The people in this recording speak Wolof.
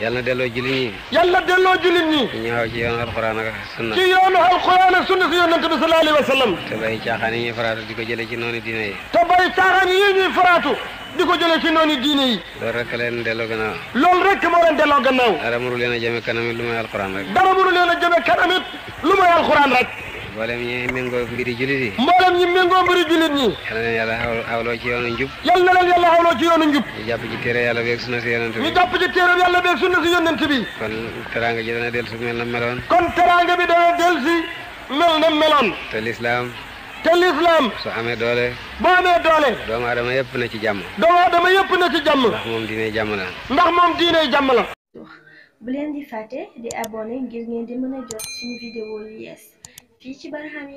yàlla na delloo jullit ñi. yàlla delloo jullit ñi. ñu xaw ci yoonu alxuraan ak sunna. ci yoonu alxuraan ak sunna si yonent bi sallallahu alayhi wa sallam. te yi ñuy faraatu di ko jëlee ci noonu diine yi. te bàyyi di ko jëlee ci noonu diine yi. loolu rek leen delloo gannaaw. loolu rek moo leen delloo gannaaw. dara mënu leen a jëme kanam lu may alxuraan rek. a rek. mboolem ñi méngoo mbiri jullit yi mboolem ñi méngoo mbiri ñi yal na leen yàlla xawloo ci yoonu njub yal na leen yàlla xawloo ci yoonu njub ñu jàpp ci téere yàlla beeg sunna si yonent bi kon teraanga ji dana dellu mel na meloon kon teraanga bi dana dellu mel na meloon te lislaam te lislaam su amee doole boo amee doole doomu adama yëpp na ci jàmm doomu adama yëpp na ci jàmm ndax moom diine jàmm la پیچی برای همین